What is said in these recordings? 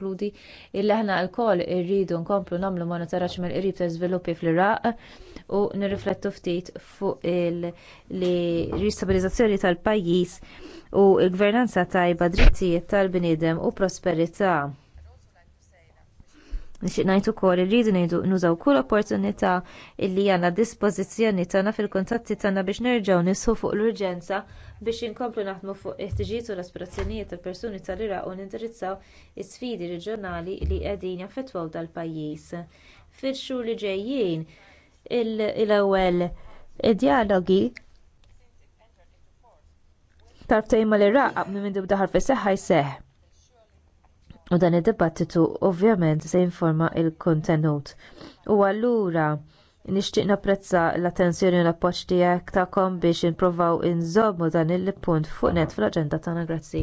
tikkonkludi illi l lkoll irridu nkomplu nagħmlu monitoraġġ mill-qrib ta' żviluppi fl-Iraq u nirriflettu ftit fuq il-ristabilizzazzjoni tal-pajjiż u l-gvernanza tajba drittijiet tal-bniedem u prosperità Nixtieq ngħid ukoll irridu ngħidu nużaw kull opportunità illi għandna dispożizzjoni tagħna fil-kuntatti tagħna biex nerġgħu nisħu fuq l-urġenza biex inkomplu naħdmu fuq it u l-aspirazzjonijiet tal-persuni tal-Iraq u nindirizzaw is-sfidi reġjonali li qegħdin jaffettwaw dal-pajjiż. Fil-xhur li ġejjin il ewwel dialogi tarftejn l iraq minn dibdaħar fis-seħħa jseħħ u dan id-dibattitu ovvjament se jinforma l kontenut U allura nixtieq napprezza l-attenzjoni u l-appoġġ tiegħek tagħkom biex nippruvaw inżommu dan il-punt fuq net fl-aġenda tagħna grazzi.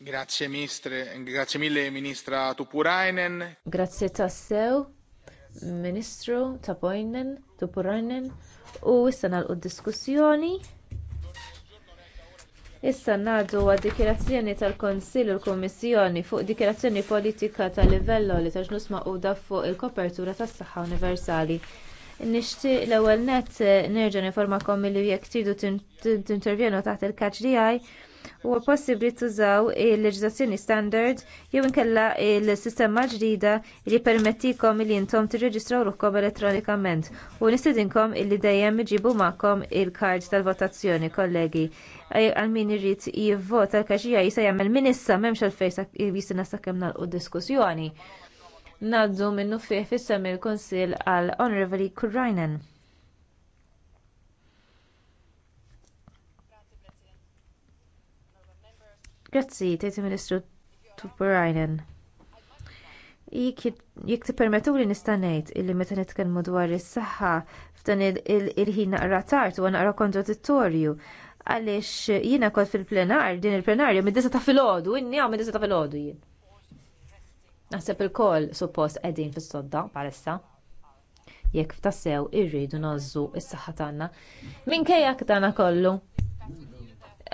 Grazie Ministre, grazie mille Ministra Tupurainen. Grazie tassew, Ministru Tapojnen, Tupurainen, u issa nagħlqu d-diskussjoni. Issa ngħaddu għad dikjerazzjoni tal-Kunsill u l-Kummissjoni fuq dikjerazzjoni politika tal livell li ta' ġnus maquda fuq il-kopertura tas-saħħa universali. Nixtieq l-ewwel nett eh, nerġa' informakom milli jekk tridu tintervjenu taħt il-catch DI huwa possibbli tużaw il-leġiżlazzjoni standard jew inkella il-sistema ġdida li permettikom li intom tirreġistraw ruħkom elettronikament u nistedinkom illi dejjem iġibu magħkom il-kard tal-votazzjoni kollegi għal min irrid jivvota l-kaxija jista' jagħmel min issa m'hemmx għalfejn jista' sakemm nagħlqu d-diskussjoni. Naddu minnu fih fis-semmi l-Kunsill għal Honorable Kurrainen. Grazzi, tejt ministru Tupurajnen. Jek tippermettu li nista' ngħid illi meta nitkellmu dwar is-saħħa f'dan il-ħin naqra tard u naqra kontradittorju għaliex jiena kol fil-plenar din il-plenarja mid-disa ta' filgħodu, inni għaw mid-disa ta' filgħodu jien. Naħseb il kol suppost qegħdin fis-sodda bħalissa. Jekk f'tassew irridu nozzu is-saħħa tagħna. Minkejja tagħna kollu.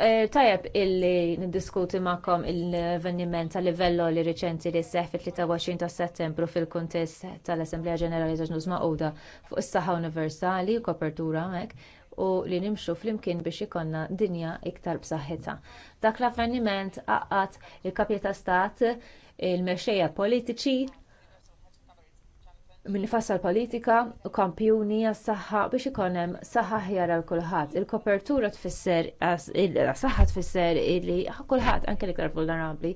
Eh, tajab illi niddiskuti ma'kom il-veniment tal livello li riċenti li seħ fit-23 ta' settembru fil-kuntest tal-Assemblea Ġenerali ta' Ġnus Maqoda fuq is-saħħa universali u kopertura hekk u li nimxu flimkien biex ikonna dinja iktar b'saħħitha. Dak l-avveniment għaqqat il-kapji ta' stat il-mexxejja politiċi min ifassal politika u kampjuni għas-saħħa biex ikun hemm saħħa aħjar għal kulħadd. Il-kopertura tfisser saħħa tfisser li kulħadd anke l-iktar vulnerabbli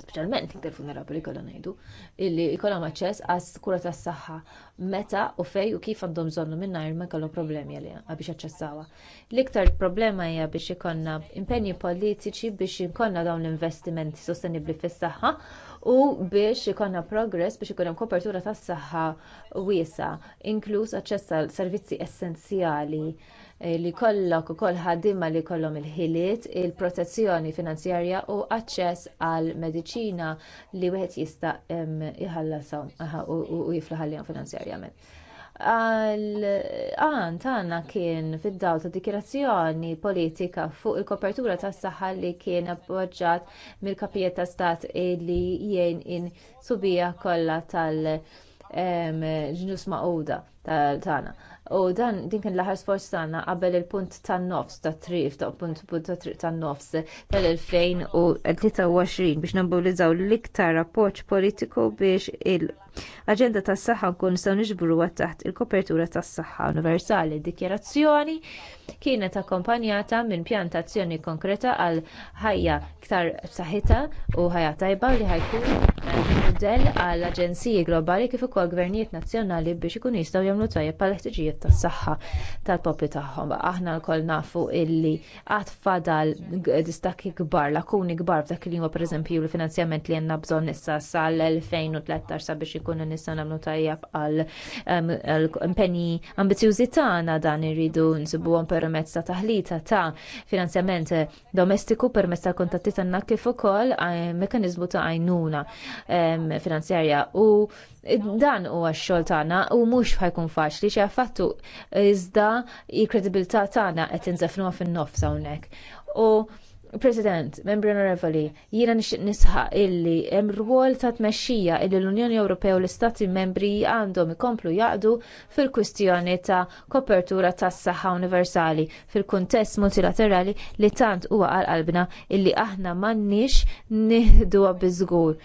speċjalment iktar vulnerabbli kollha ngħidu illi jkollhom aċċess għas kura tas-saħħa meta u fej u kif għandhom bżonn mingħajr ma jkollhom problemi għaliha biex jaċċessawha. L-iktar problema hija biex ikollna impenji politiċi biex ikollna dawn l-investimenti sostenibbli fis-saħħa u biex ikollna progress biex ikun hemm kopertura tas-saħħa wiesa, inkluż aċċess għal servizzi essenzjali Eh, li kollok ukoll ħaddiema li jkollhom il-ħiliet, il-protezzjoni finanzjarja u aċċess għal mediċina li wieħed jista' jħallasahom u jiflaħalihom finanzjarjament. Għan tagħna kien fid-daw ta' dikjerazzjoni politika fuq il-kopertura tas saħħa li kien appoġġjat mill-kapijiet ta' stat li jgħin in subija kollha tal- ġnus maquda tagħna. U dan din kien l-aħħar sforz tagħna qabel il-punt tan-nofs ta' trif ta' punt ta' triq tan-nofs tal-2023 biex nabbolizzaw l-iktar appoġġ politiku biex il- L-aġenda tas-saħħa nkun nistgħu niġbruha taħt il-kopertura tas-saħħa universali. Dikjerazzjoni kienet akkompanjata minn pjantazzjoni konkreta għal ħajja iktar saħita u ħajja tajba li ħajkun mudell għall aġenziji globali kif ukoll gvernijiet nazzjonali biex ikunu jistgħu jagħmlu tajjeb għal ħtiġijiet tas-saħħa tal-popli tagħhom. Aħna lkoll nafu illi qatt fadal distakki kbar, lakuni kbar f'dak il-jumma pereżempju l-finanzjament li għandna bżonn issa sal-2013 sabiex biex ikunu nistgħu nagħmlu tajjeb għal impenji ambizjużi tagħna dan irridu nsibuhom permezz ta' taħlita ta' finanzjament domestiku permezz ta' kuntatti tagħna kif ukoll mekkaniżmu ta' għajnuna finanzjarja u dan huwa x-xogħol tagħna u mhux ħajkun faċli xi affattu iżda l kredibilità tagħna qed inżefnuha fin-nofs hawnhekk. U President, membri onorevoli, jiena nixtieq nisħaq illi hemm rwol ta' tmexxija illi l-Unjoni Ewropea u l-Istati membri għandhom ikomplu jaqdu fil-kwistjoni ta' kopertura tas saħħa universali fil-kuntest multilaterali li tant huwa għal qalbna illi aħna m'għandniex nieħduha biżgur.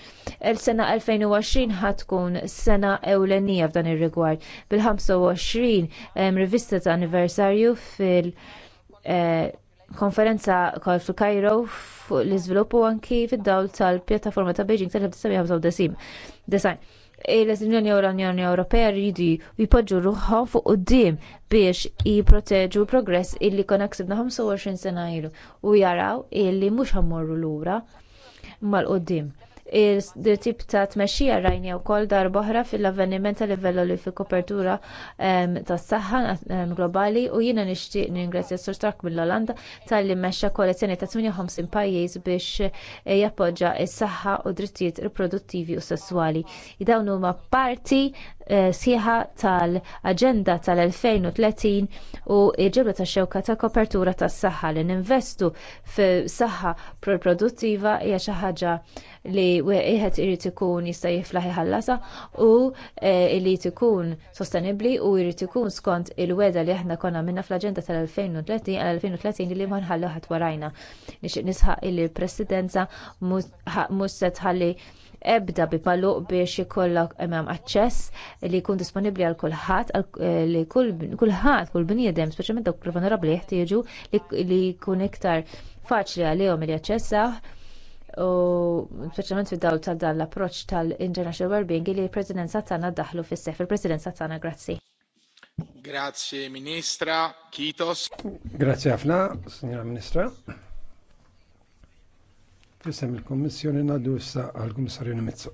Il-sena 2020 ħatkun sena ewlenija f'dan ir-rigward. Bil-25 rivista ta' anniversarju fil- eh, konferenza kol fil Kajro fuq l-iżvilupp u anki fid-dawl tal-pjattaforma ta' Beijing tal-1995 design. il e, unjoni unjoni Ewropea rridu jipoġġu ruħhom fuq quddiem biex jipproteġu l-progress illi kon aksibna 25 sena ilu u jaraw illi mhux ħammorru lura mal-qudiem il-tip ta' tmexxija rajnija wkoll darb'oħra fil-avveniment ta' livell li fi kopertura tas-saħħa globali u jiena nixtieq ningrazzja s-Sur Stark mill-Olanda talli mexxa koalizzjoni ta' 58 pajjiż biex eh, jappoġġa s-saħħa u drittijiet riproduttivi u sesswali. Dawn huma parti Eh, sieħa tal-Aġenda tal-2030 u ġibla tax xewka ta' kopertura tas-saħħa li ninvestu fis-saħħa produttiva hija xi ħaġa li wieħed irid ikun jista' jiflaħ iħallasha u eh, li ikun sostenibbli u jrid ikun skont il-weda li aħna konna minna fl-aġenda tal-2030 għal-2030 li ma nħallu ħadd warajna. Nixtieq nisħaq il-Presidenza mhux se tħalli ebda bipaluq biex jikollok imam aċċess li jkun disponibbli għal kulħadd eh, li kulħadd kull bniedem specialment dawk vulnerabbli jeħtieġu li jkun iktar faċli għalihom li jaċċessa u specialment fi dawl ta' dan l-approċċ tal-International Wellbeing li l-Presidenza tagħna ddaħlu fis sef il president Satana, grazzi. Grazie Ministra Kitos. Grazie ħafna, Signora Ministra. Fisem il-Kommissjoni naddu issa għal-Kummissarju Nimitzu.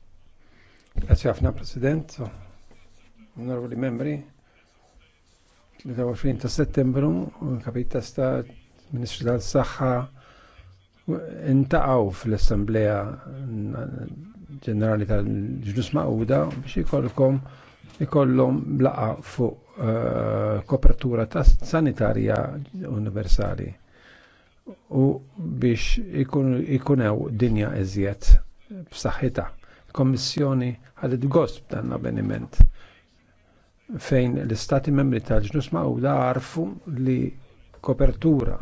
Grazie ħafna President, onorevoli membri, 23 ta' settembru, kapita sta' Ministru tal-Saxħa, intaqaw fl-Assembleja Ġenerali tal-Ġnus Maqwda biex ikollkom ikollhom blaqa fuq eh, kopertura ta' sanitarja universali u biex ikunew dinja eżjed b'saħħitha. Kommissjoni ħadet gost b'dan avveniment fejn l-istati membri tal-ġnus mawda għarfu li kopertura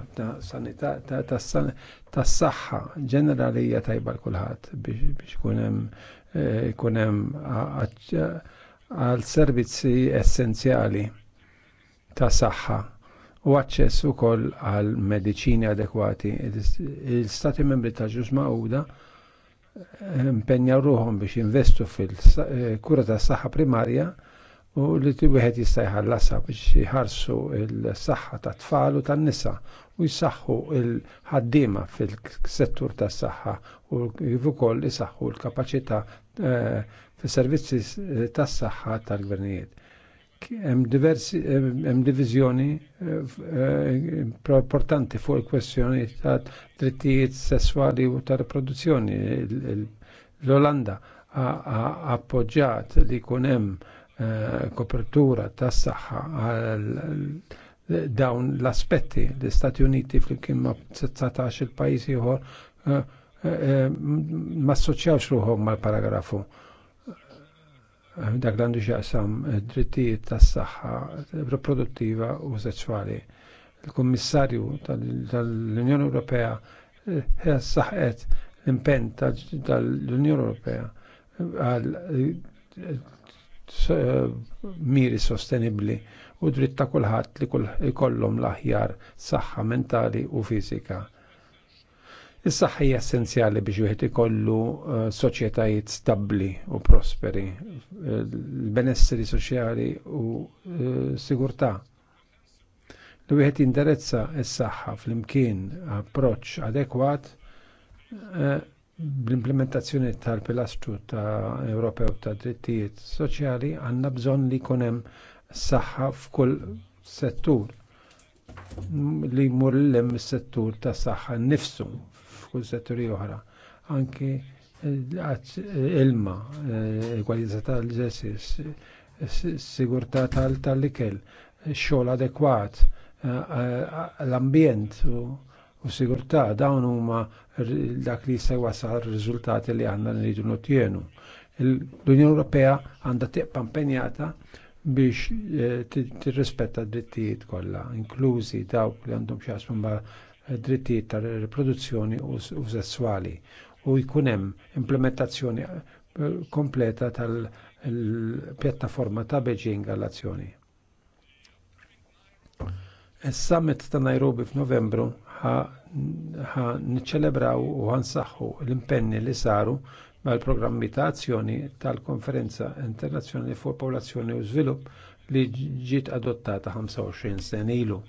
tas saħħa ġenerali hija tajba l kulħadd biex ikun hemm eh, għal servizzi essenzjali ta' saħħa u aċċess ukoll għal mediċini adekwati. Il-Stati membri ta' ġuż Magħquda eh, impenjaw ruhom biex jinvestu fil-kura tas saħħa primarja u li wieħed jista' jħallasha biex jħarsu l-saħħa tat tfal u tan-nisa u jsaħħu l-ħaddiema fil-settur tas saħħa u kif ukoll isaħħu l-kapaċità eh, fis-servizzi eh, tas saħħa tal-gvernijiet hemm diversi hemm diviżjoni eh, importanti fuq il-kwestjoni ta' drittijiet sessuali u ta' riproduzzjoni. L-Olanda ha appoġġjat li jkun hemm eh, kopertura ta' saħħa dawn l-aspetti l-Istati Uniti flimkien ma' 19 il-pajjiż ieħor eh, ma' assoċjawx ruħhom mal-paragrafu dak li għandu xaqsam drittijiet tas saħħa riproduttiva u sessuali. Il-Kummissarju tal-Unjoni Ewropea eh, saħqet l-impenn tal-Unjoni Ewropea għal eh, miri sostenibli u dritt ta' kulħadd li jkollhom l-aħjar saħħa mentali u fiżika Is-saħħa hija essenzjali biex wieħed ikollu eh, soċjetajiet stabbli u prosperi, l-benesseri eh, soċjali u eh, sigurtà. Li wieħed jinterezza s-saħħa flimkien approċċ adekwat bl-implementazzjoni tal-pilastru ta' Ewropew ta' drittijiet soċjali għandna bżonn li jkun hemm saħħa f'kull settur li jmur l-lem settur tas saħħa nnifsu f'kull setturi oħra. Anki eh, eh, ilma, eh, kwalità tal-ġessis, sigurtà tal likel xogħol adekwat, l-ambjent u sigurtà dawn huma dak li jista' jwassal riżultati li għandna nridu notjenu. L-Unjoni Ewropea għandha tibqa' impenjata biex tirrispetta d-drittijiet kollha, inklużi dawk li għandhom xi ma' drittijiet tar riproduzzjoni sesswali u jkun hemm implementazzjoni eh, kompleta tal-pjattaforma ta' Beijing għall-azzjoni. Is-summit ta' Nairobi f'Novembru ħa niċċelebraw u ħansaħħu l-impenni li saru mal-programmi ta' azzjoni tal-Konferenza Internazzjonali fuq Popolazzjoni u Żvilupp li ġiet adottata 25 sen ilu.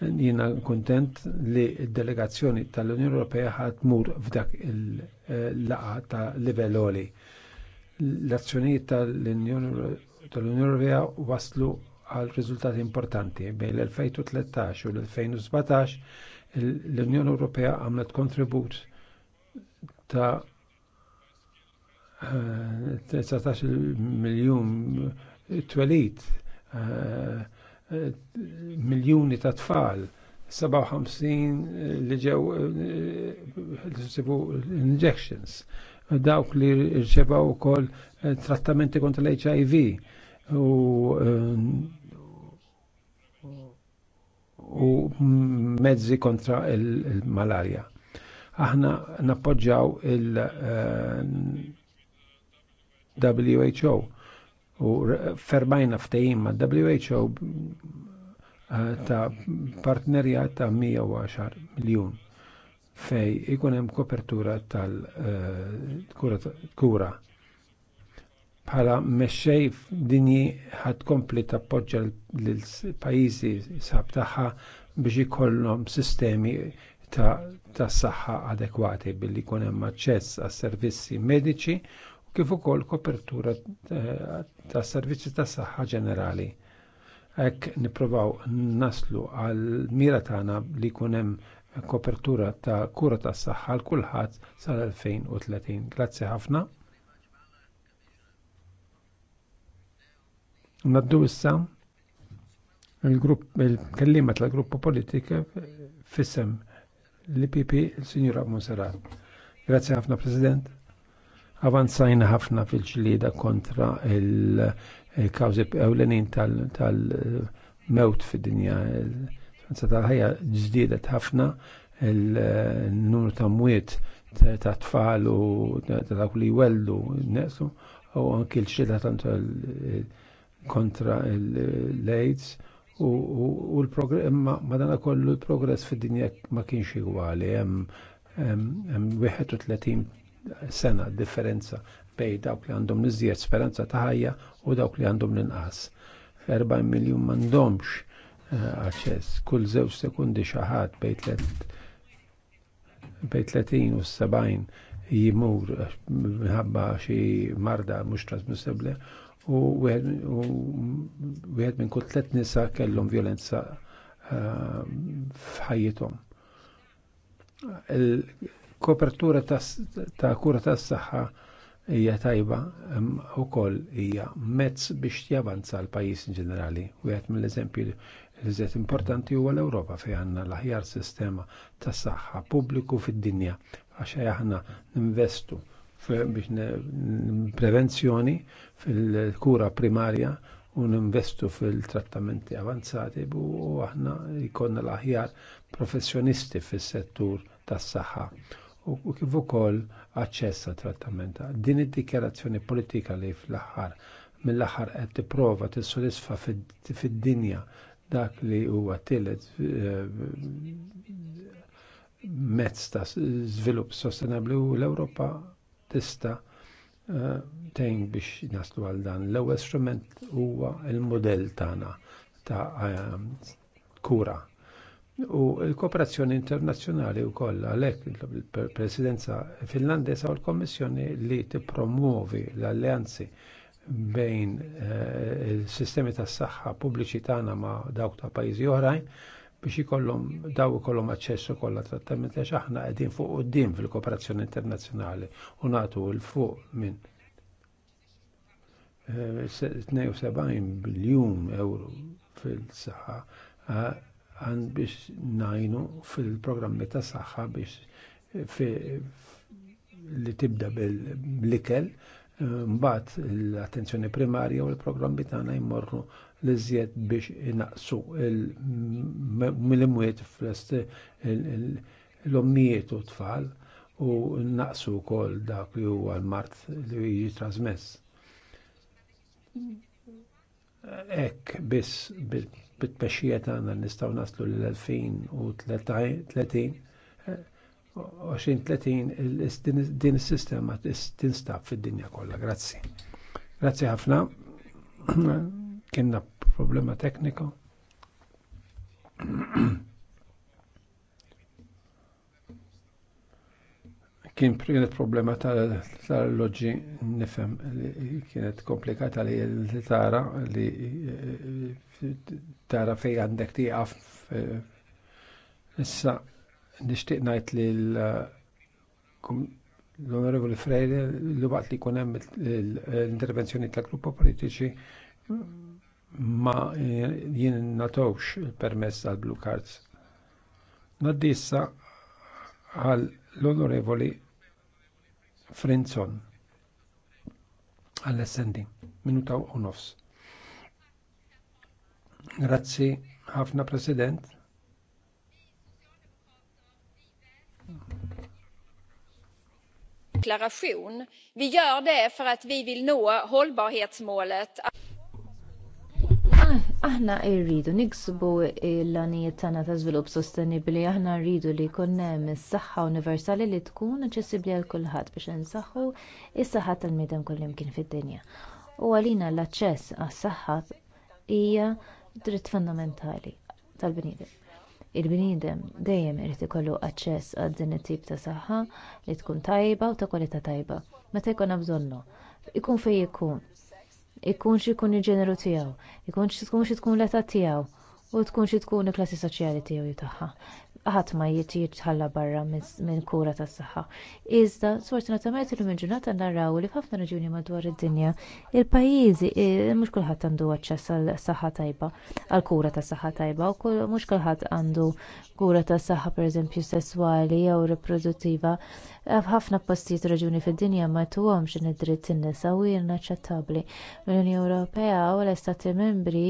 Jiena kuntent li d-delegazzjoni tal-Unjoni Ewropea ħad mur f'dak il-laqa ta' livell oli. L-azzjonijiet tal-Unjoni Ewropea waslu għal riżultati importanti. Bejn l-2013 u l-2017 l-Unjoni Ewropea għamlet kontribut ta' 13 eh, miljun twelit eh, miljuni ta' tfal 57 eh, li ġew eh, injections dawk li rċevaw ukoll eh, trattamenti kontra l-HIV u u mezzi kontra il-malarja. Aħna nappoġġaw il-WHO u ferbajna ftehim ma' WHO eh, ta' partnerja ta' 110 miljun fej ikun hemm kopertura tal-kura eh, bħala mexxej dinji ħad kompli tappoġġa l-pajjiżi sab tagħha biex ikollhom sistemi ta' tas-saħħa adekwati billi jkun hemm aċċess għas-servizzi mediċi kif ukoll kopertura tas servizzi tas saħħa ġenerali. Hekk nippruvaw naslu għal mira tagħna li jkun hemm kopertura ta' kura tas saħħa għal kulħadd sal-2030. Grazzi ħafna. Naddu issa il-grupp il-kellima tal-gruppo politika fissem l-PP il-Sinjura Monserrat. Grazzi ħafna President. Avanzajna ħafna fil-ġlida kontra il-kawzi ewlenin tal-mewt fid-dinja. Sanza tal-ħajja ġdiedet ħafna il-numru ta' mwiet ta' tfal u ta' dawk li jwellu nesu u anki l-xilħa kontra l-AIDS u l-progress madana kollu l-progress fid-dinja ma kienx igwali hemm 31 sena differenza bej dawk li għandhom l-iżjed speranza ta' ħajja u dawk li għandhom l-inqas. 4 miljun m'għandhomx eh, aċċess kull żewġ sekundi xi ħadd bej 30 u 70 jimur eh, minħabba xi marda mhux trasmissibbli u wieħed minn kull tliet nisa kellhom violenza eh, f'ħajjithom Kopertura ta' kura tas saħħa hija tajba wkoll hija mezz biex javanza l-pajjiż in ġenerali. Wieħed mill-eżempju Iżiet importanti huwa l-Ewropa fej għanna l-aħjar sistema tas saħħa pubbliku fid-dinja għax aħna investu biex prevenzjoni fil-kura primarja u investu fil-trattamenti avanzati u aħna jkollna l-aħjar professjonisti fis-settur tas-saħħa u kif ukoll aċċess għat trattament. Din id-dikjarazzjoni politika li fl-aħħar mill-aħħar qed tipprova tissodisfa fid-dinja dak li huwa tielet eh, mezz ta' żvilupp sostenibbli u l-Ewropa tista' eh, tejn biex naslu għal dan. L-ewwel strument huwa l-modell tagħna ta' eh, kura u l-kooperazzjoni internazzjonali u koll għalek il-presidenza finlandesa u l-kommissjoni li tippromuovi l-alleanzi bejn eh, il-sistemi tas saħħa pubbliċi tagħna ma' dawk ta' pajjiżi oħrajn biex ikollhom daw ikollhom aċċessu kollha trattament għax aħna qegħdin fuq quddiem fil-kooperazzjoni internazzjonali u nagħtu l fuq minn 72 eh, biljun euro fil-saħħa eh, għan biex najnu fil-programmi ta' saħħa biex li tibda bil likel mbagħad l-attenzjoni primarja u l-programmi tagħna jmorru l iżjed biex inaqsu l mwiet flest l-ommijiet u tfal u naqsu wkoll dak li huwa l-mart li jiġi trasmess. Ek biss bit-tmexxija tagħna nistgħu naslu l-2030 2030 eh, din is-sistema tinstab fid-dinja kollha. Grazzi. Grazzi ħafna. Kienna problema tekniku. kien kienet problema tal-loġi nifhem li kienet komplikata li tara li eh, tara fej għandek tiqaf eh, issa nixtieq ngħid li l-Onorevoli Freire li waqt li jkun hemm l-intervenzjoni tal-gruppa politiċi ma jien natowx il-permess tal-Blue Cards. Naddissa għal l-Onorevoli Frenzon għall-essendi minuta u nofs. Grazzi ħafna President. Deklaration. Vi gör det för att vi vill nå hållbarhetsmålet. Aħna rridu niksbu l-għanijiet tagħna ta' żvilupp sostenibbli, aħna rridu li jkun hemm is-saħħa universali li tkun aċċessibbli għal kulħadd biex insaħħu is-saħħa tal-miedem kullimkien fid-dinja. U għalina l-aċċess għas-saħħa hija dritt fundamentali tal-bniedem. Il-bniedem dejjem irid ikollu aċċess għal din it-tip ta' saħħa li tkun tajba u ta' kwalità tajba meta jkun bżonnu. Ikun fejn ikun ikunx ikun il-ġeneru tiegħu ikunx tkun tkun l-età tiegħu u tkun tkun il-klassi soċjali tiegħu tagħha ħadd ma jitħalla barra minn kura tas-saħħa. Iżda sfortunatament illum il-ġurnata naraw li f'ħafna reġjuni madwar id-dinja il-pajjiżi eh, mhux kulħadd għandu aċċess għal saħħa tajba, għal kura tas-saħħa tajba u mhux kulħadd għandu kura tas-saħħa pereżempju sesswali jew riproduttiva. Eh, f'ħafna postijiet reġjuni fid-dinja ma tuhomx id-dritt in-nisa u hija inaċċettabbli. L-Unjoni Ewropea u l-Istati Membri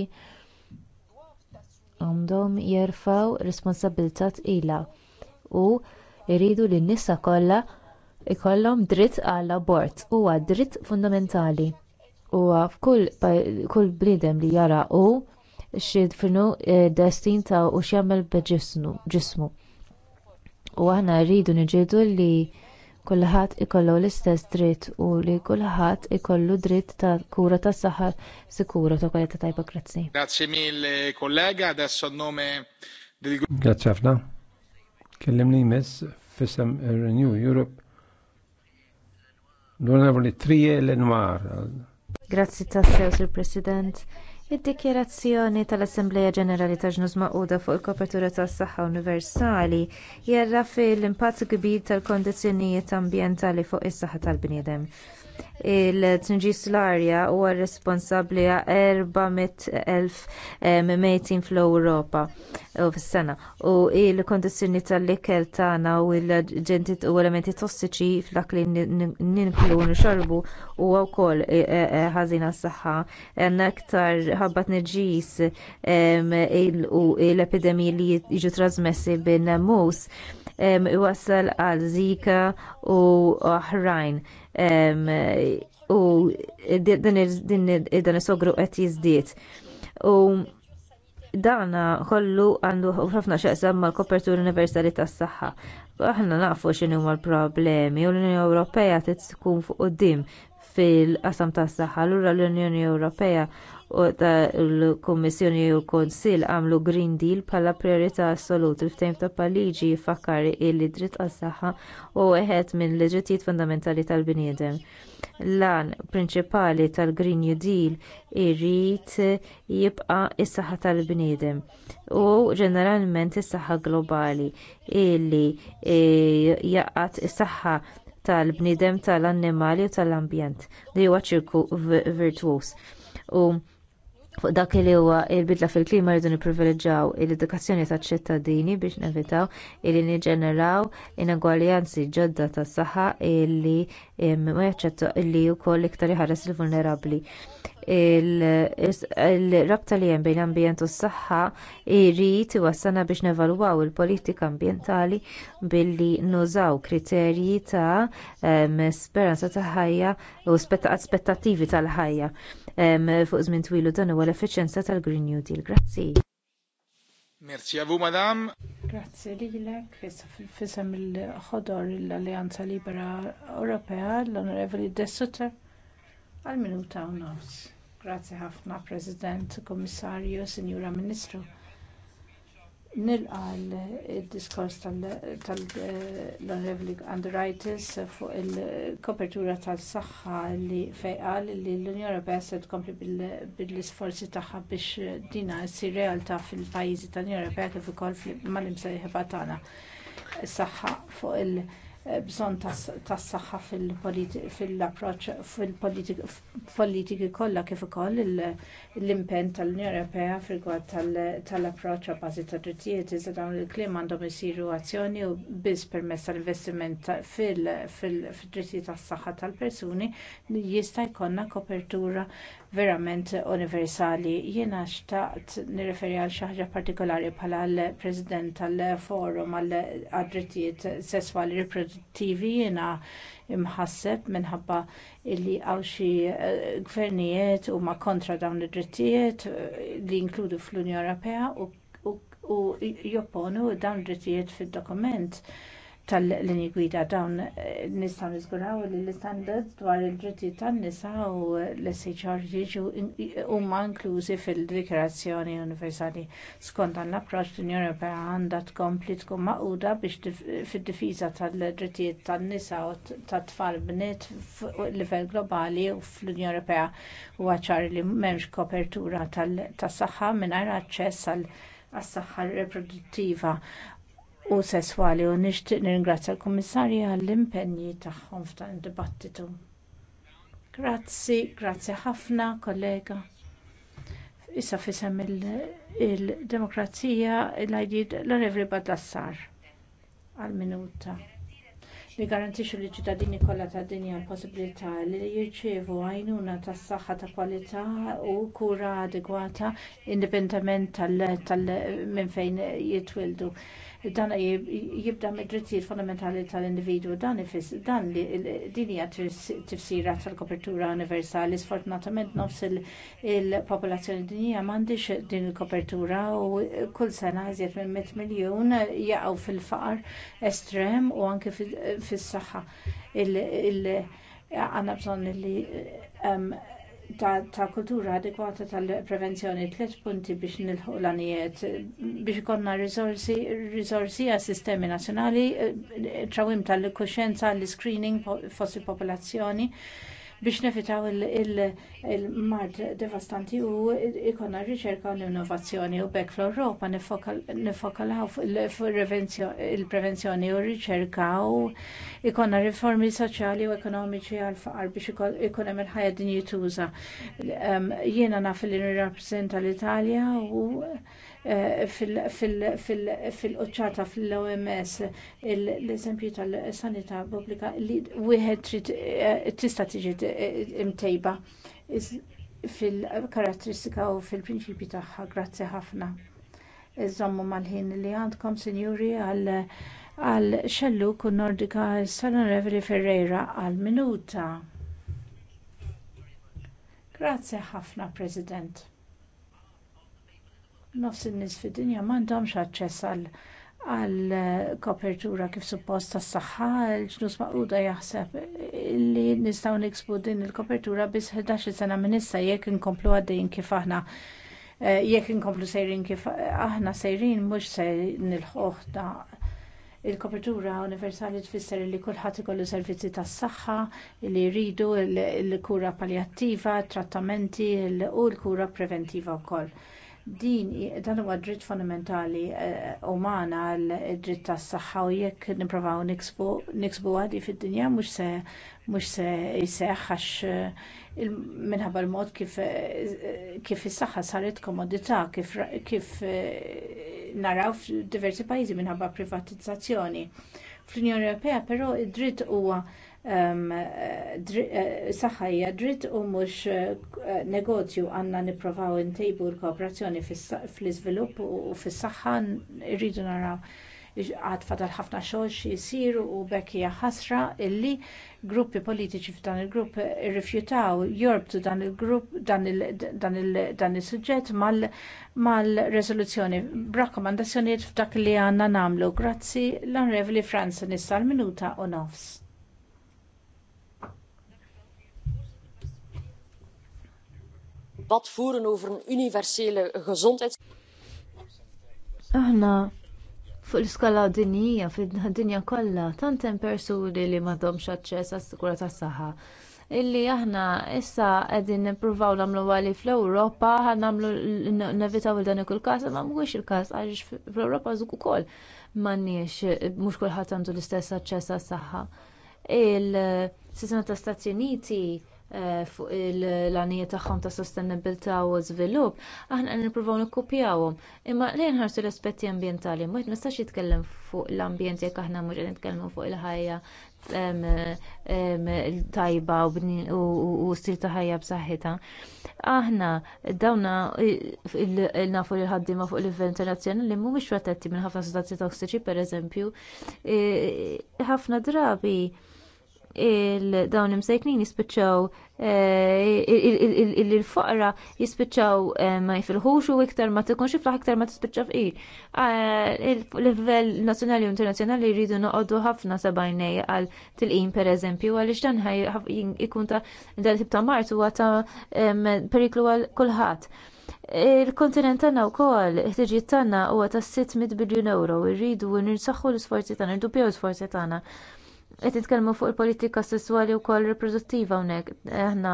għandhom jerfgħu responsabbiltà tqila u jridu li n-nisa kollha ikollhom dritt għall abort huwa dritt fundamentali huwa f'kull bniedem li jara hu x'infinu e, destin ta' u x'jagħmel b'ġismu. U aħna rridu niġġieldu li kulħadd ikollu l-istess dritt u li kulħadd ikollu dritt ta' kura ta' saħħa sikura ta' kwalità ta' grazzi. Grazzi mille kollega adesso a nome del gruppo. Grazzi ħafna. Kellimni jmiss fisem Renew Europe. l li Trije l-enwar. Grazzi tassew, Sir President id-dikjarazzjoni tal-assembleja ġenerali ta' ġnus magħquda fuq il-kopertura tas-saħħa universali jarra fil-impatt kbir tal-kondizzjonijiet ambjentali fuq is-saħħa tal-bniedem il-tnġis l-arja huwa responsabbli għal 400,000 mejtin fl-Ewropa u fis-sena u l kundizzjoni tal-ikel tagħna u l-ġentit u elementi tossiċi f'dak li ninklu nixorbu huwa wkoll ħażina s-saħħa għandna aktar ħabba tniġis u l-epidemiji li jiġu trasmessi bin mus iwassal għal zika u oħrajn u dan is-sogru qed jiżdied. U dana kollu għandu ħafna xaqsam mal kopertura universali tas-saħħa. Aħna nafu x'inhu huma l-problemi u l-Unjoni Ewropea trid tkun fuq quddiem fil-qasam tas-saħħa. Lura l-Unjoni Ewropea U ta' l-Kummissjoni u l-Kunsill għamlu Green Deal bħala priorità assoluti ftejn ftehim ta' Paliġi jfakkar li dritt għas-saħħa u wieħed minn l-drittijiet fundamentali tal-bniedem. L-għan prinċipali tal-Green New Deal irrid jibqa' is-saħħa tal-bniedem u ġeneralment is-saħħa globali illi e, jaqat is-saħħa tal-bniedem tal-annimali u tal-ambjent li huwa ċirku virtuż. U Fuq dak li huwa il-bidla fil-klima rridu nipprivileġġjaw l-edukazzjoni taċ-ċittadini biex nevitaw illi niġġeneraw inegwaljanzi ġodda tas-saħħa illi ma jaċċettaw illi wkoll iktar iħares il-vulnerabbli. Il-rabta li hemm bejn ambjent u s-saħħa jrid iwassana biex nevalwaw il-politika ambjentali billi nużaw kriterji ta' speranza ta' ħajja u aspettattivi tal-ħajja fuq żmien twilu dan huwa l-effiċjenza tal-Green New Deal. Grazzi. Merci a vous, madame. Grazie lilek, fissam il-ħodor l-Alleanza Libera Ewropea, l-Onorevoli Dessuter, għal-minuta u nofs. Grazzi ħafna, President, Kummissarju, Sinjura Ministru. Nilqa id diskors tal-Onorevoli eh, Andritis fuq il-kopertura tas-saħħa li fejqal li l-Unjoni Ewropea se tkompli bil-isforzi tagħha biex dina ssir realtà fil-pajjiżi tal-Unjoni Ewropea kif ukoll mal-imsejħeba tagħna. Is-saħħa fuq il- bżonn tas-saħħa fil-approċċ fil-politiki kollha kif ukoll l-impenn tal-Unjoni Ewropea fil-gwad tal-approċċ bażi ta' drittijiet iżda dawn il-kliem għandhom isiru azzjoni u biss permezz tal-investiment fid drittijiet tas-saħħa tal-persuni jista' jkollna kopertura verament universali. Jiena xtaqt nirreferi għal xi ħaġa partikolari bħala l-President tal-Forum għad drittijiet sesswali riproduttivi jiena imħasseb minħabba li għaw xi eh, gvernijiet huma kontra dawn id-drittijiet li jinkludu fl-Unjoni Ewropea u jopponu dawn id-drittijiet fid-dokument tal-linji gwida dawn eh, nistgħu niżguraw li l-istandards dwar il-dritti tan-nisa u l-SHR jiġu huma inklużi fil-Dikarazzjoni Universali. Skont dan l-approċċ l-Unjoni Ewropea għandha tkompli tkun maquda biex fid-difiża tal-drittijiet tan-nisa u tat-tfal bniet fuq livell globali u fl-Unjoni Ewropea huwa ċar li m'hemmx kopertura tas-saħħa mingħajr aċċess għal għas-saħħa riproduttiva u sesswali u nixtieq nirringrazzja l-Kummissarji għall-impenji tagħhom f'dan id-dibattitu. Grazzi, grazzi ħafna kollega. Issa fisem il-demokrazija il id l-Revri Badassar għal-minuta li garantixxu liċ ċittadini kollha tad-dinja l-possibilità li jirċievu għajnuna tas-saħħa ta' kwalità u kura adegwata indipendentement minn fejn jitwildu dan jibda mid-drittijiet fondamentali tal-individwu dan ifis dan li din hija tifsira tal-kopertura universali sfortunatament nofs il-popolazzjoni hija m'għandix din il-kopertura u kull sena iżjed minn 100 miljun jaqgħu fil-faqar estrem u anke fis-saħħa għandna bżonn li ehm, ta' kultura adekwata tal-prevenzjoni tliet punti biex nilħu l-anijiet biex ikonna risorsi għas sistemi nazzjonali eh, trawim tal-kuxjenza l-screening fost il-popolazzjoni biex nevitaw il mart devastanti u ikonna riċerka u l-innovazzjoni u bekk fl-Ewropa nifokalaw il-prevenzjoni u r-riċerka u ikonna riformi soċjali u ekonomiċi għal-faqar biex ikun hemm il-ħajja din Jiena naf li nirrappreżenta l-Italja u fil-qoċċata fil-OMS l-eżempju tal-sanità pubblika li wieħed trid eh, tista' tiġi eh, imtejba fil-karatteristika u fil-prinċipji tagħha. Grazzi ħafna. Iżommu mal-ħin li għandkom, sinjuri, għal għal xellu kun Nordika Salon Reveri Ferreira għal minuta. Grazie ħafna, President nofs in-nies fid-dinja m'għandhomx aċċess għall għal eh, kopertura kif suppost tas saħħa l-ġnus maquda jaħseb li nistgħu niksbu din il-kopertura biss 11 sena minn issa jekk inkomplu għaddejjin kif aħna eh, jekk inkomplu sejrin kif aħna sejrin mhux se nilħuh da il-kopertura universali tfisser li kulħadd ikollu servizzi tas-saħħa li jridu il kura paljattiva, t trattamenti u l-kura preventiva wkoll din dan huwa dritt fondamentali eh, umana għal dritt tas-saħħa u jekk nippruvaw niksbu għadi fid-dinja mhux se mhux se jseħħ għax eh, minħabba l-mod kif eh, kif is-saħħa saret komodità kif kif naraw f'diversi pajjiżi minħabba privatizzazzjoni. Fl-Unjoni Ewropea però id-dritt huwa Eh, eh, saħħa hija dritt u mhux eh, negozju għandna nippruvaw intejbu l-kooperazzjoni fl-iżvilupp u fis-saħħa rridu naraw għad fadal ħafna xogħol xi jsiru u bekk hija ħasra illi gruppi politiċi f'dan il-grupp irrifjutaw jorbtu dan il-grupp dan is-suġġett mal-reżoluzzjoni b'rakkomandazzjonijiet f'dak li għandna nagħmlu. Grazzi l-Onorevoli Franza nista' l-minuta u nofs. debat voeren over een universele gezondheids. Aħna fuq l-iskala dinjija fid-dinja kollha tant hemm persuni li m'għandhomx aċċess għas-sikura tas-saħħa illi aħna issa qegħdin nippruvaw nagħmlu għali fl-Ewropa ħan nagħmlu nevitaw il dan kull każ ma mhuwiex il-każ għaliex fl-Ewropa żgħu ukoll m'għandniex mhux kulħadd għandu l-istess aċċess għas-saħħa. Il-sistema ta' Stati Uniti Eh, fuq il-lanijiet tagħhom ta' sostenibilità u żvilupp, aħna qed nippruvaw nikkupjawhom. Imma lejn ħarsu l-aspetti ambjentali, ma nistax jitkellem fuq l-ambjent jekk aħna mhux qed nitkellmu fuq il-ħajja tajba u stil ta' ħajja b'saħħitha. Aħna dawna nafu li ħaddiema fuq livell internazzjonali mhumiex protetti minn ħafna sostanzi tossiċi pereżempju. E, ħafna drabi il-dawn imsejknin jispiċċaw eh, il fuqra jispiċċaw eh, ma jifilħux u iktar ma tikunx iflaħ iktar ma tispiċċa fqir. Eh, Il-livell nazzjonali u internazzjonali jridu noqogħdu ħafna sabajnej għal tilqim pereżempju għaliex dan ikun ta' dal-tib ta' mart huwa ta' periklu għal kulħadd. Il-kontinent tagħna wkoll ħtiġijiet tagħna huwa ta' 600 biljun euro, irridu nirsaħħu l-isforzi tagħna, irdu l isforzi tagħna qed nitkellmu fuq il-politika sesswali wkoll riproduttiva hawnhekk eh, aħna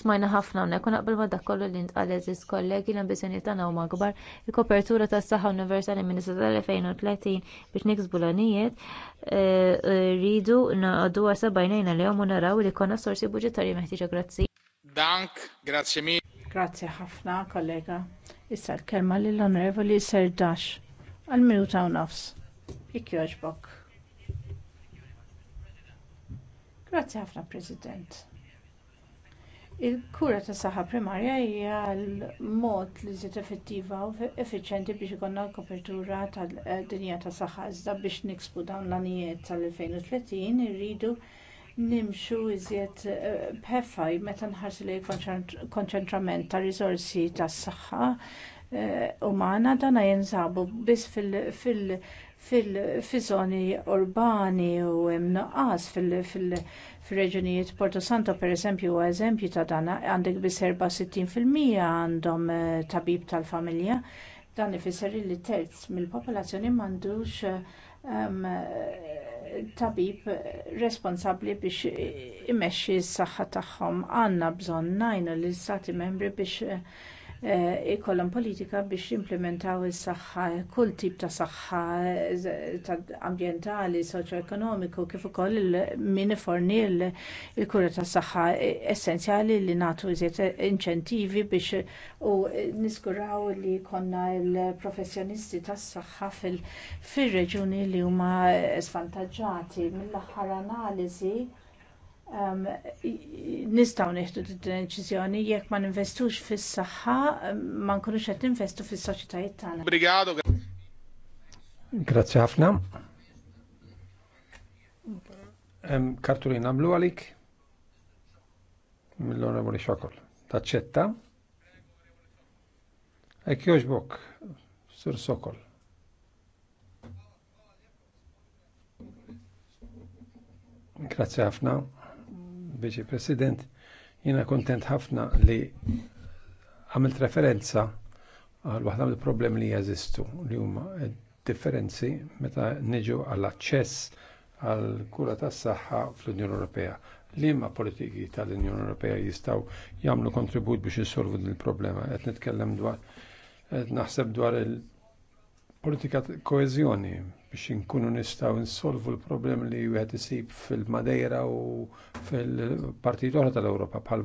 smajna ħafna hawnhekk u naqbel ma' dak kollu li ntqal eżis kollegi l-ambizzjonijiet tagħna huma kbar il-kopertura tas-saħħa universali minn tal-2030 biex niksbu l-għanijiet eh, rridu naqdu għal sebgħinejna li u naraw li konna sorsi budġetarji meħtieġa grazzi. Dank, grazzi mi. Grazzi ħafna kollega. Issa l-kelma lill-Onorevoli Serdax għal minuta u nofs. Ikjoġbok. Grazzi ħafna, President. Il-kura tas saħħa primarja hija l-mod li żiet effettiva u effiċjenti biex ikonna l-kopertura tad-dinja tas saħħa iżda biex niksbu dawn l-anijiet tal-2030 irridu nimxu iżjed pefaj eh, meta nħarsu li konċentrament ta' risorsi tas saħħa eh, umana dana jinżabu biss fil-, fil fil-żoni urbani u hemm nuqqas fil-reġunijiet Porto Santo pereżempju huwa eżempju ta' dan għandek biss fil-mija għandhom eh, tabib tal-familja dan ifisser li terz mill-popolazzjoni m'għandux um, tabib responsabbli biex imexxi s-saħħa tagħhom. Għandna bżonn ngħinu lill istati membri biex Eh, ikollhom politika biex jimplementaw is-saħħa, kull tip ta' saħħa ambjentali, soċjoekonomiku ekonomiku kif ukoll min iforni l-kura tas saħħa e, essenzjali li nagħtu iżjed inċentivi biex u niskuraw li jkollna l-professjonisti tas-saħħa fir reġjuni li huma svantaġġati mill-aħħar analiżi um, nistaw neħtu d-deċizjoni jek ma n-investux fil-saxħa, ma n-kunux nkunux qed ninvestu fis-soċjetajiet tagħna. Brigado. Grazie ħafna. Kartulin għamlu għalik mill-onorevoli xokol. Taċċetta. Ek joġbok, sur sokol. Grazie ħafna. Biċi President, jiena kontent ħafna li għamilt referenza għal waħda mill problemi li jazistu li huma differenzi meta niġu għall aċċess għal kura tas-saħħa fl-Unjoni Ewropea. Liema politiki tal-Unjoni Ewropea jistgħu jagħmlu kontribut biex isolvu din il-problema. Qed nitkellem dwar naħseb dwar il- politika koeżjoni biex inkunu nistgħu nsolvu l-problemi li wieħed isib fil-Madeira u fil-partit oħra tal-Ewropa bħal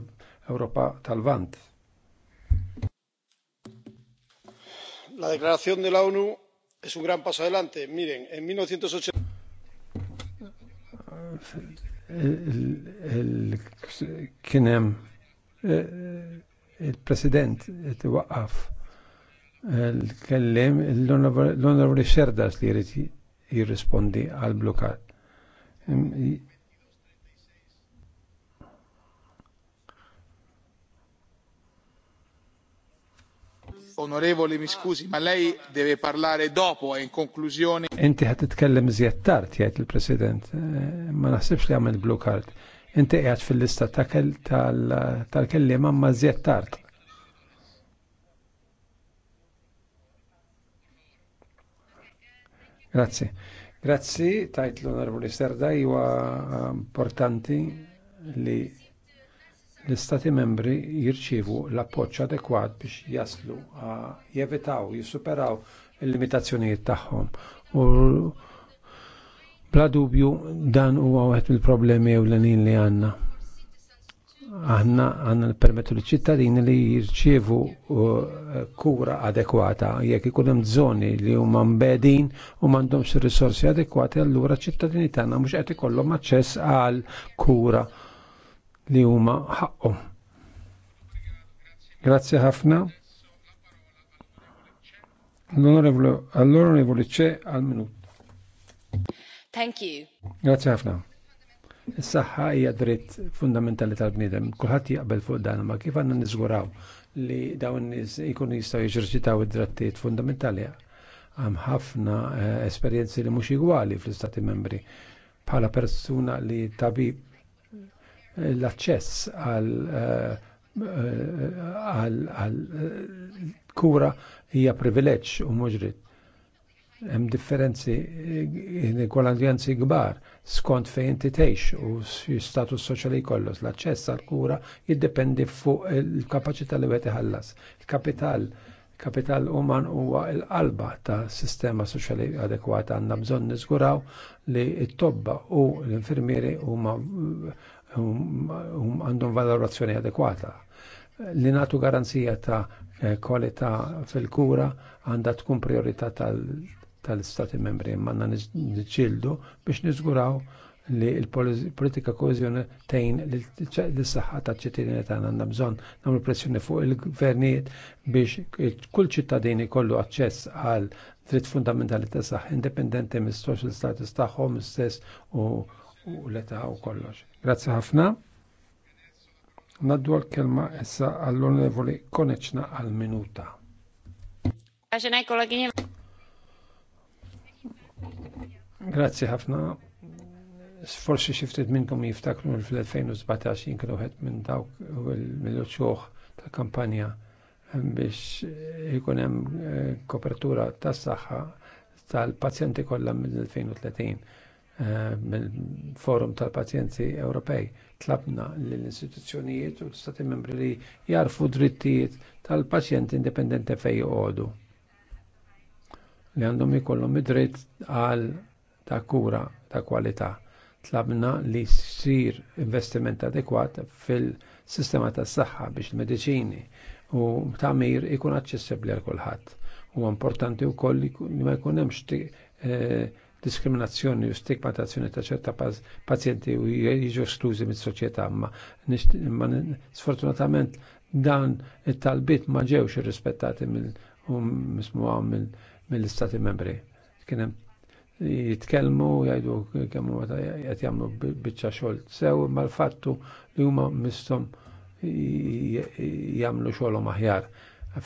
Ewropa tal-Vant. La de la ONU es un gran paso adelante. Miren, en 1980 eh, eh, il l-kellim l onorabli Xerdas li jrid jirrispondi għal blokat. Onorevoli, mi scusi, ma lei deve parlare dopo e in conclusione. Inti t titkellem iżjed tard, jgħid il-President. Eh, ma naħsibx li għamil blue card. Inti qiegħed fil-lista tal-kelliem ma iżjed tard. Grazzi. Grazie, tajt l-onorevoli Serda, huwa eh, importanti li l-istati membri jirċievu l-appoġġ adekwat biex jaslu eh, jevitaw, jissuperaw il-limitazzjonijiet tagħhom. U bla dubju dan huwa wieħed mill-problemi ewlenin li għandna aħna għanna permettu l-ċittadini li jirċievu uh, kura adekwata. Jekk ikun hemm żoni li huma mbedin u m'għandhomx risorsi adekwati, allura ċittadini tagħna mhux qed ikollhom aċċess għal kura li huma ħaqhom. Grazzi ħafna. L-onorevoli ċe għal minut. Thank you. Grazie ħafna. Is-saħħa hija dritt fundamentali tal-bniedem. Kulħadd jaqbel fuq dan, ma kif għandna niżguraw li dawn nies ikunu jistgħu jeġerċitaw id-drattijiet fundamentali hemm ħafna eh, esperjenzi li mhux igwali fl-Istati Membri. Bħala persuna li tabib eh, l-aċċess għal eh, kura hija privileġġ u mhux dritt hemm differenzi inegwalanjanzi kbar skont fejn inti tgħix u status soċjali jkollok l-aċċess għall kura jiddependi fuq il-kapaċità li wieħed iħallas. Il-kapital kapital uman huwa l-qalba ta' sistema soċjali adekwata għandna bżonn niżguraw li t-tobba u l-infirmieri huma għandhom valorazzjoni adekwata li natu garanzija ta' eh, kwalità fil-kura għandha tkun priorità tal tal istati membri manna nġildu biex niżguraw li l-politika koezjoni tejn l-saħħa ta' ċittadini tagħna għandna bżonn nagħmlu pressjoni fuq il-gvernijiet biex kull ċittadini kollu aċċess għal dritt fundamentali ta' saħħa indipendenti mis-social status tagħhom stess u l-età u kollox. Grazzi ħafna. Naddu l-kelma issa għall-onorevoli Koneċna għal-minuta. Grazzi ħafna. Forsi xiftit minnkom jiftaklu fil-2017 jinkienu ħed minn dawk mill-ċoħ ta' kampanja ehm, biex jkun hemm eh, kopertura tas-saħħa tal-pazjenti kollha mill-2030 ehm, mill-Forum tal-Pazjenti Ewropej tlabna lill-istituzzjonijiet u l-Stati membri li jarfu drittijiet tal-pazjenti indipendenti fejn joqogħdu li għandhom ikollhom id-dritt għal ta' kura ta' kwalità. Tlabna li ssir investiment adekwat fil-sistema tas-saħħa biex il-mediċini u tamir ikun aċċessibbli għal kulħadd. Huwa importanti wkoll li ma jkun hemmx e, diskriminazzjoni u stigmatazzjoni ta' ċerta pazjenti u jiġu esklużi mis-soċjetà, ma sfortunatament dan it-talbiet ma ġewx irrispettati mill mismuha mill mill-istati membri. Kienem jitkelmu, jgħidu kemmu huma qed jagħmlu biċċa xogħol sew mal fattu li huma mistom jagħmlu xogħolhom maħjar.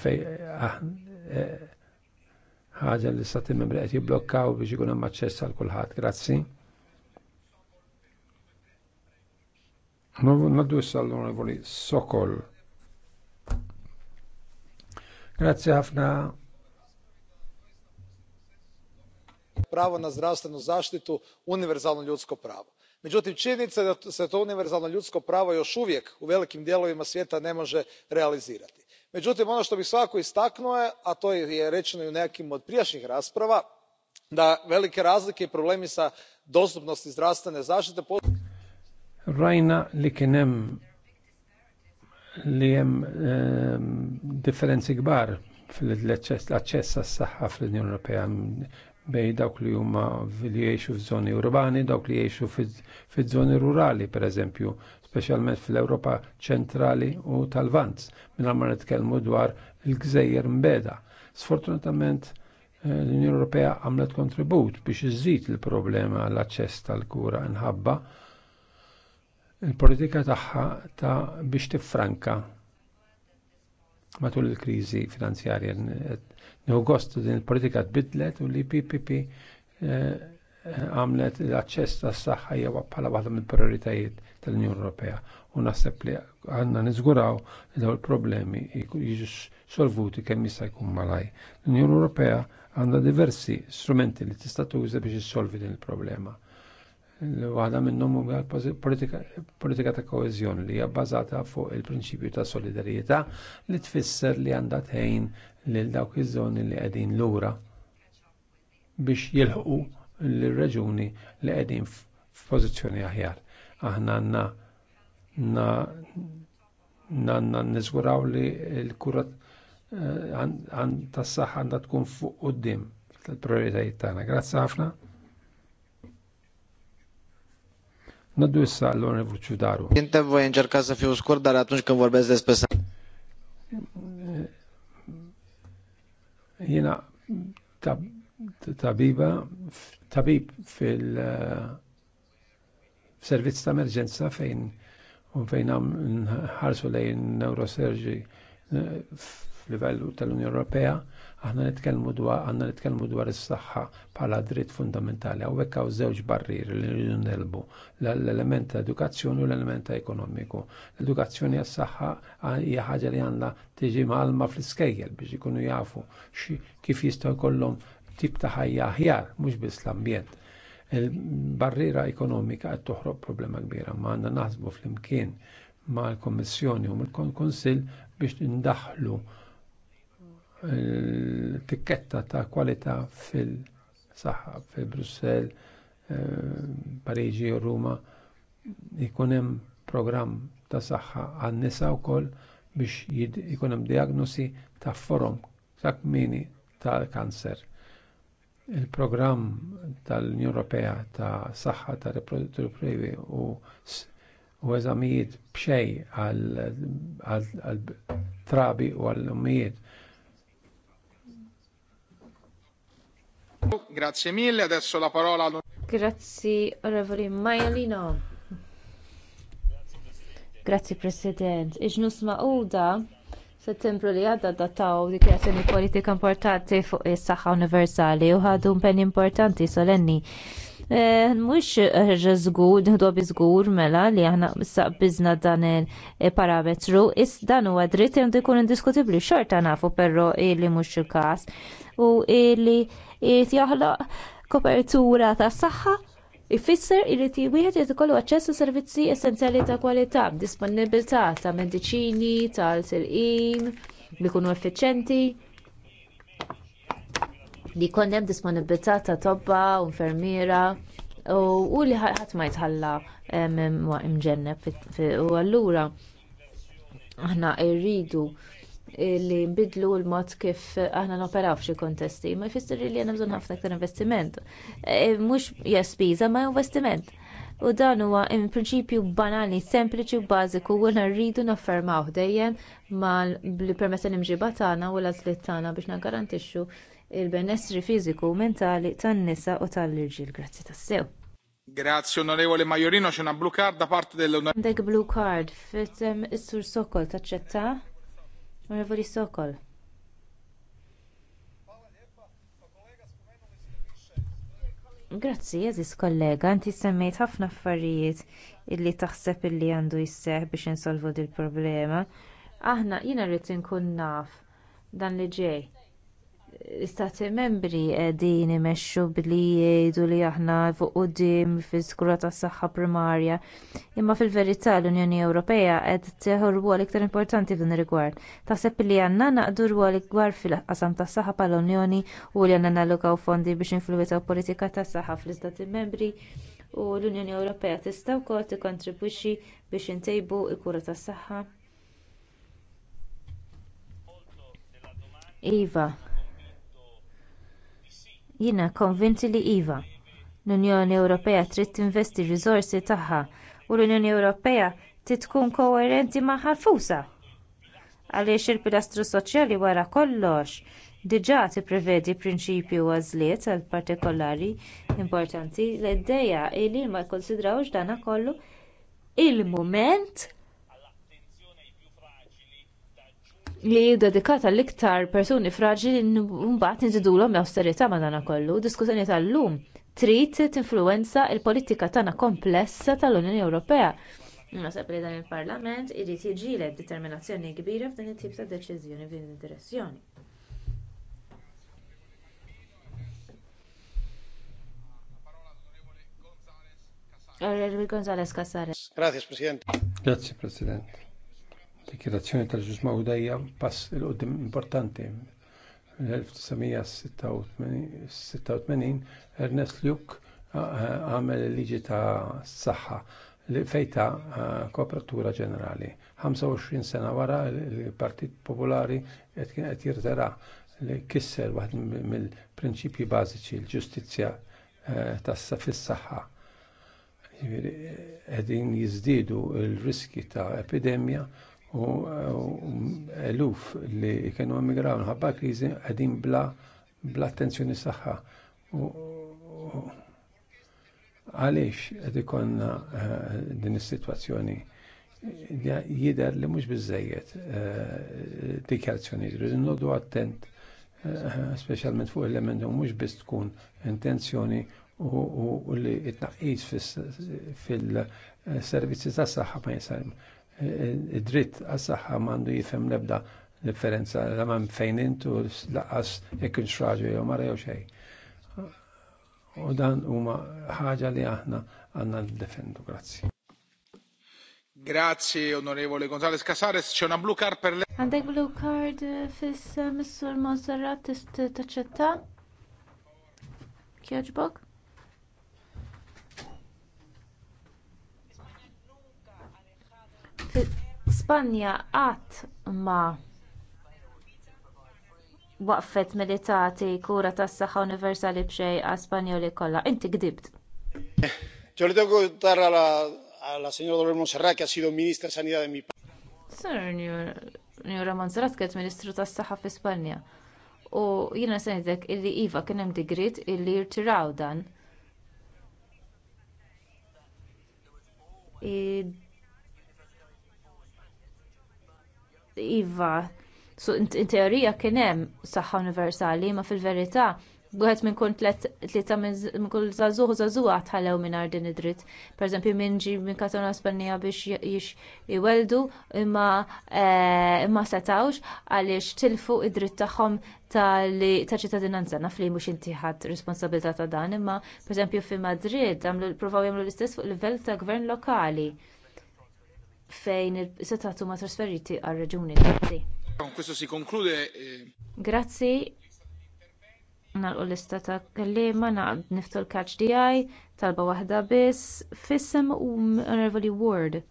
Fej ah, eh, ħaġa l-istati membri qed jiblokkaw biex ikun hemm aċċess għal kulħadd. Grazzi. Naddu issa l-onorevoli Sokol. Grazzi ħafna pravo na zdravstvenu zaštitu univerzalno ljudsko pravo. međutim činjenica je da se to univerzalno ljudsko pravo još uvijek u velikim dijelovima svijeta ne može realizirati. međutim ono što bih svakako istaknuo a to je rečeno i u nekim od prijašnjih rasprava da velike razlike i problemi s dostupnosti zdravstvene zaštite rajna li kien hemm li hemm differenzi kbar fil-aċċess għas-saħħa fl-Unjoni Ewropea bej dawk li huma li jgħixu f'żoni urbani, dawk li jgħixu f'żoni rurali, per eżempju, speċjalment fl-Ewropa ċentrali u tal lvant minn ma nitkellmu dwar il-gżejjer mbeda. Sfortunatament, eh, l-Unjoni Ewropea għamlet kontribut biex iżżid il-problema l-aċċess tal-kura nħabba il-politika tagħha ta' biex tiffranka matul il-kriżi finanzjarja. Nħu gostu din il-politika tbidlet u li PPP eh, għamlet l-aċċess tas-saħħa jew bħala waħda mill-prioritajiet tal-Unjoni Ewropea u naħseb li għandna niżguraw li dawn il-problemi jiġu solvuti kemm jista' jkun malaj. L-Unjoni Ewropea għandha diversi strumenti li tista' tuża biex issolvi din il-problema Waħda minnhom huma politika ta' koeżjoni li hija bbażata fuq il-prinċipju ta' solidarjetà li tfisser li għandha tgħin lil dawk iż-żoni li qegħdin lura biex jilħqu l-reġuni li qegħdin f'pożizzjoni aħjar. Aħna għandna nanna nizguraw li l-kura eh, tas-saħħa għandha tkun fuq quddiem tal-prioritajiet tagħna. Grazzi ħafna. Naddu issa l-Onorevole Ciudaru. Inte voi încerca să fiu scurt, dar atunci când vorbesc despre Jina tabiba, tabib fil servizz ta' emerġenza fejn fejn ħarsu lejn neuroserġi eh, f'livellu tal-Unjoni Ewropea Aħna nitkellmu dwar għandna nitkellmu dwar is-saħħa bħala dritt fundamentali hawnhekk hawn żewġ barrieri li rridu nelbu l-element ta' edukazzjoni u l-element ta' ekonomiku. L-edukazzjoni għas-saħħa hija ħaġa li għandha tiġi malma fl-iskejjel biex ikunu jafu kif jistgħu jkollhom tip ta' ħajja aħjar mhux biss l-ambjent il-barriera ekonomika qed toħroq problema kbira ma għandna naħsbu flimkien mal-Kommissjoni u mill-Konsil biex indaħħlu tikketta ta' kwalità fil-saħħa fi Brussell, eh, Pariġi u Ruma ikun hemm programm ta' saħħa għan-nisa wkoll biex ikun hemm diagnosi ta' forom ta' kmini ta' kanser. Il-programm tal-Unjoni Ewropea ta' saħħa ta' riproduttivi u u eżamijiet b'xej għal trabi u għal ummijiet Grazie mille, adesso la parola al... Grazzi, onorevoli Maialino. Grazzi, President. Iġnus ma'uda settembru li għadda dataw dikjarazzjoni politika importanti fuq is-saħħa universali u ħadu impenn importanti solenni. Eh, mux ġazgur, nħdu bizgur mela li aħna bizna dan il-parametru, is dan huwa dritt jgħandu jkun indiskutibli xorta nafu perro li mux il-kas u li irid joħloq kopertura tas saħħa Ifisser irrid wieħed irid ikollu aċċess għal servizzi essenzjali ta' kwalità, disponibilità ta' mediċini, tal-silqin, li jkunu effiċjenti, li jkun hemm disponibilità ta' tobba u infermiera u li ħadd ma jitħalla imġenneb u allura aħna rridu li nbidlu l-mod kif aħna noperaw f'xi kontesti. Ma jfisser li għandna bżonn ħafna aktar investiment. E, mhux jaspiza, ma investiment. U dan huwa prinċipju banali, sempliċi u bażiku u rridu naffermaw dejjem mal-permessa l-imġiba tagħna u l azlit tagħna biex naggarantixxu il-benessri fiziku u mentali tan-nisa u tal-irġiel. Grazzi tassew. Grazie onorevole Majorino, c'è una blue card da parte dell'onorevole. Dek blue card, fitem is-sur Sokol taċċetta. Onorevoli Sokol. Grazzi, jazis kollega, għanti semmejt ħafna affarijiet illi taħseb illi għandu jisseħ biex insolvu dil problema. Aħna, jina rritin inkun naf dan li ġej istati membri qegħdin imexxu billi jgħidu li aħna fuq quddiem fis skura tas-saħħa primarja. Imma fil-verità l-Unjoni Ewropea qed tieħu rwol iktar importanti f'dan ir-rigward. Taħseb li għandna naqdu rwol ikbar fil-qasam tas-saħħa bħall-Unjoni u li għandna nallokaw fondi biex influwitaw politika tas-saħħa fl-istati membri u l-Unjoni Ewropea tista' wkoll tikkontribwixxi biex intejbu l kura tas-saħħa. Iva, jiena konvinti li iva l-unjoni ewropea trid tinvesti r-riżorsi tagħha u l-unjoni ewropea trid tkun koerenti magħha ħarfusa. għaliex il-pilastru soċjali wara kollox diġà tipprevedi prinċipji u għażliet partikolari importanti l-idea li ma jkonsidrawx dan kollu il-mument li dedikata l-iktar persuni fraġili mbagħad nżidulhom austerità madana kollu. Diskussjoni tal-lum trid tinfluwenza l politika tagħna komplessa tal-Unjoni Ewropea. Nasab li dan il-Parlament irid jiġilet determinazzjoni kbira f'din it-tip ta' deċiżjoni f'din id-direzzjoni. Grazie Presidente. Grazie Presidente. Dikjerazzjoni tal-ġus mawdajja pass il-qoddim importanti. L-1986 Ernest Luke għamel il-liġi ta' s-saxħa li fejta kopertura ġenerali. 25 sena wara il-Partit Popolari qed jirtera li kisser waħd mill-prinċipji bażiċi l-ġustizzja e, tassa fis-saħħa. E, qegħdin jiżdiedu l-riski ta' epidemja u eluf li kienu emigraw nħabba kriżi qegħdin bla bla attenzjoni saħħa. Għaliex qed ikonna eh, din is-sitwazzjoni jider li mhux biżejjed eh, dikjarazzjoni, rridu nodu attent eh, speċjalment fuq element u mhux biss tkun intenzjoni u li t fil-servizzi tas saħħa ma jisalm id-dritt għas-saħħa mandu jifem nebda differenza la m'hemm fejn intu laqas jekk inx raġel jew mara jew xej. U dan huma ħaġa li aħna għandna defendu. Grazzi. Grazzi, onorevole Gonzales Casares. C'è una blue card per lei. Għandek blue card fis eh, Mr. Monserrat tist taċċetta? Kjoġbok? Spanja qatt ma waqfet milli tagħti kura tas-saħħa universali b'xejqa Spanjoli kollha. Inti gdibt. Yo le tengo que contar a la, a la señora Dolores Monserrat, que ha sido ministra de Sanidad de mi país. Monserrat kienet ministru tas-saħħa fi Spanja. U jiena se ngħidlek illi iva kien hemm digrit illi jirtiraw dan. iva in teorija kien hemm saħħa universali ma fil-verità wieħed minn kun tlieta minn kull zazuħu zazuħu għatħallew minn din id-dritt. Per eżempju, minn ġi minn katona Spanja biex jix iweldu imma e, setawx għaliex tilfu id-dritt tagħhom ta' ċittadinanza. Naf li mhux inti ħadd responsabilità ta' dan, imma per eżempju fi Madrid għamlu provaw jagħmlu l-istess fuq livell ta' gvern lokali fejn il-setatu ma trasferiti għal reġuni Grazzi. Questo si conclude. Eh. Grazzi. Nalqu l lista ta' kellima naqd niftu l-kaċ DI talba waħda biss fissem u Honorable Ward.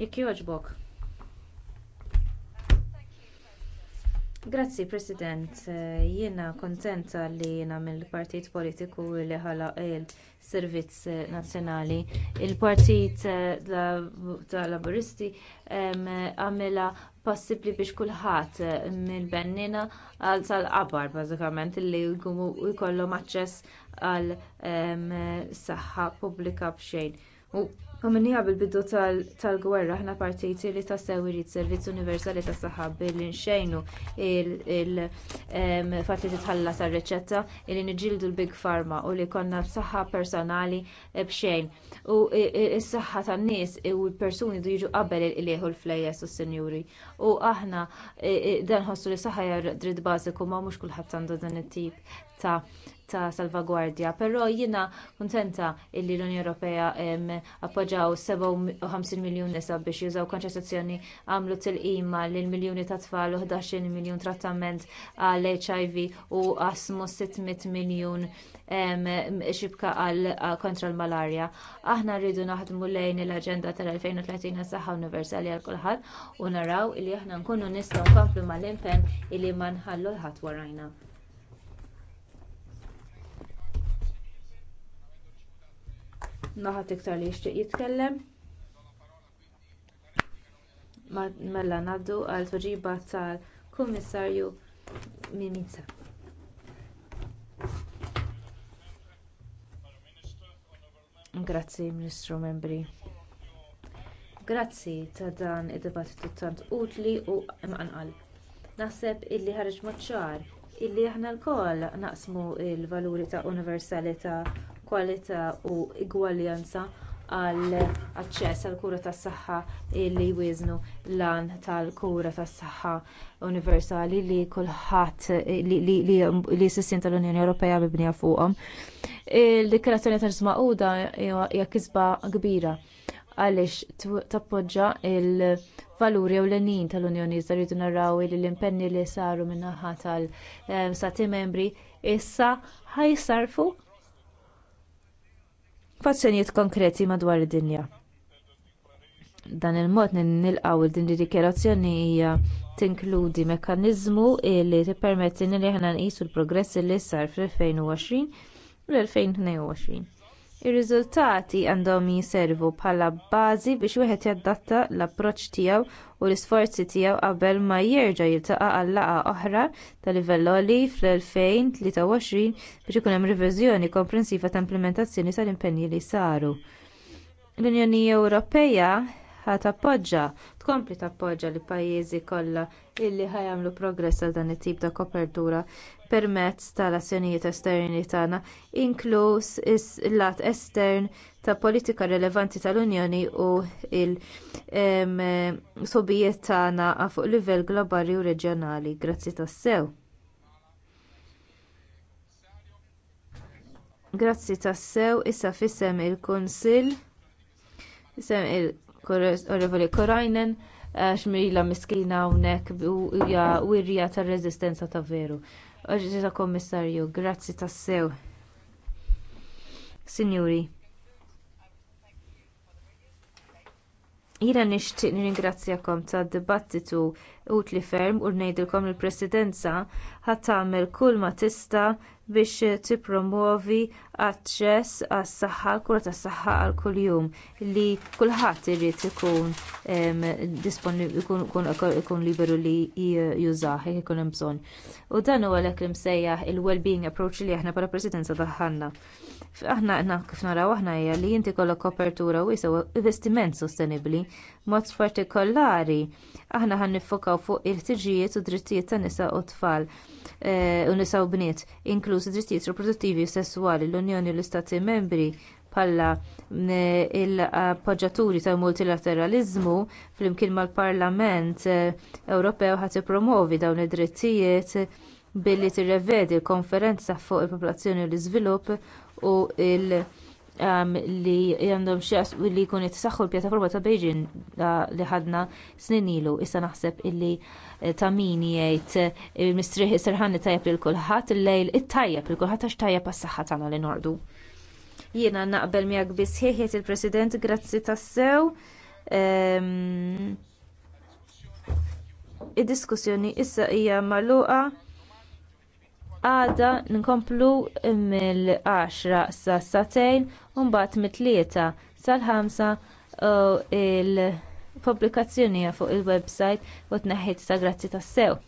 Jekk joġbok. Grazzi President, eh, jiena kontenta li jiena mill-Partit Politiku li ħalaq il-Servizz eh, Nazzjonali. Il-Partit eh, tal Laburisti għamela possibbli biex kulħadd mill-bennina għal tal-qabar bażikament li jkollhom aċċess għal saħħa pubblika b'xejn. Għamilniha bil-bidu tal-gwerra aħna partiti li tassew irid servizz universali tas saħħa billi nxejnu il-fatt li titħallas għar-riċetta li niġġieldu l-big pharma u li konna b'saħħa personali b'xejn. U s-saħħa tan-nies u l-persuni du jiġu qabel il-ilieħu l flejes u s-sinjuri. U aħna dan ħossu li saħħa hija dritt bażiku ma mhux kulħadd għandu dan it-tip ta' ta' salvagwardja, però jiena kuntenta illi l-Unjoni Ewropea appoġġaw 57 miljun nisa biex jużaw konċestrazzjoni għamlu tilqima lil miljuni ta' tfal u 11 miljun trattament għal HIV u asmu 600 miljun xibka għal kontra l-malarja. Aħna rridu naħdmu lejn l-Aġenda tal-2030 għas-saħħa universali għal kulħadd u naraw li aħna nkunu nistgħu nkomplu mal-impenn illi ma nħallu l-ħadd warajna. naħat iktar li jixtieq jitkellem mela ngħaddu għal tweġiba tal-kummissarju mimica grazzi ministru membri grazzi ta' dan id-dibattitu tant utli u mqanqal. naħseb illi ħareġ mod ċar illi aħna lkoll naqsmu l-valuri ta' universalità kwalità u igwaljanza għall aċċess għall kura tas-saħħa li jwiżnu l tal-kura tas-saħħa universali li kulħadd li s-sistin tal-Unjoni Ewropea mibnija fuqhom. Il-dikrazzjoni tal-ġmaquda hija kisba kbira għaliex tappoġġa il-valuri ewlenin tal-Unjoni iżda rridu naraw li l-impenni li saru min-naħa tal eh, sati membri issa ħajsarfu f'azzjonijiet konkreti madwar id-dinja. Dan il-mod nilqgħu li din id dikjarazzjoni hija tinkludi mekkaniżmu li tippermetti li aħna nqisu l-progress li sar fl-2020 u l-2022 ir-riżultati għandhom jisservu bħala bażi biex wieħed jadatta l-approċċ tiegħu u l-isforzi tiegħu qabel ma jerġa' jiltaqa' għal laqgħa oħra ta' livell għoli fl-2023 biex ikun hemm riviżjoni komprensiva ta' implementazzjoni tal impenni li saru l-unjoni ewropea ħa tappoġġja tkompli tappoġġja li pajjiżi kollha illi ħajamlu progress għal dan it-tip ta' kopertura permezz tal-azzjonijiet esterni tagħna inkluż is-lat estern ta' politika rilevanti tal-Unjoni u l-sobijiet tagħna fuq livell globali u reġjonali. Grazzi tas-sew. Grazzi tassew issa fissem il-Kunsill isem Orevoli Korajnen xmila miskina hawnhekk hija wirja tar rezistenza ta' veru. Oġġieta Kommissarju, grazzi tassew. Signori, Jiena nixtieq nirringrazzjakom tad dibattitu utli ferm u ngħidilkom il-Presidenza ħadd tagħmel kull ma tista' biex tippromovi aċċess għas-saħħa kura tas-saħħa għal kuljum li kulħadd irid ikun ikun liberu li jużah jekk ikun hemm bżonn. U dan huwa għalhekk li msejjaħ il-well-being approach li aħna bħala presidenza daħħalna. Aħna kif naraw aħna hija li inti kollok kopertura u u investiment sostenibbli mod partikolari aħna ħan fuq il-ħtiġijiet u drittijiet ta' nisa u tfal eh, u nisa u bniet, inkluż drittijiet riproduttivi u sessuali l-Unjoni u l-Istati membri bħala eh, l appoġġaturi tal multilateraliżmu flimkien mal-Parlament eh, Ewropew ħadd ippromovi dawn id-drittijiet billi tirrevedi l-konferenza fuq il-popolazzjoni u l-iżvilupp u l- Um, li għandhom xas li jkun jitsaxħu l-pjattaforma ta' Beijing uh, li ħadna snin ilu. Issa naħseb illi uh, ta' min jgħid uh, mistrieħ serħan tajjeb lil kulħadd lejl it-tajjeb lil kulħadd għax tajjeb għas-saħħa tagħna li nordu. Jiena naqbel miegħek biss ħieħiet il-President grazzi tassew. Um, id-diskussjoni issa hija magħluqa għada nkomplu mill-10 sa satejn u mbagħad mit-tlieta sal-ħamsa il-pubblikazzjoni fuq il-website u t-neħħit ta' grazzi tas-sew.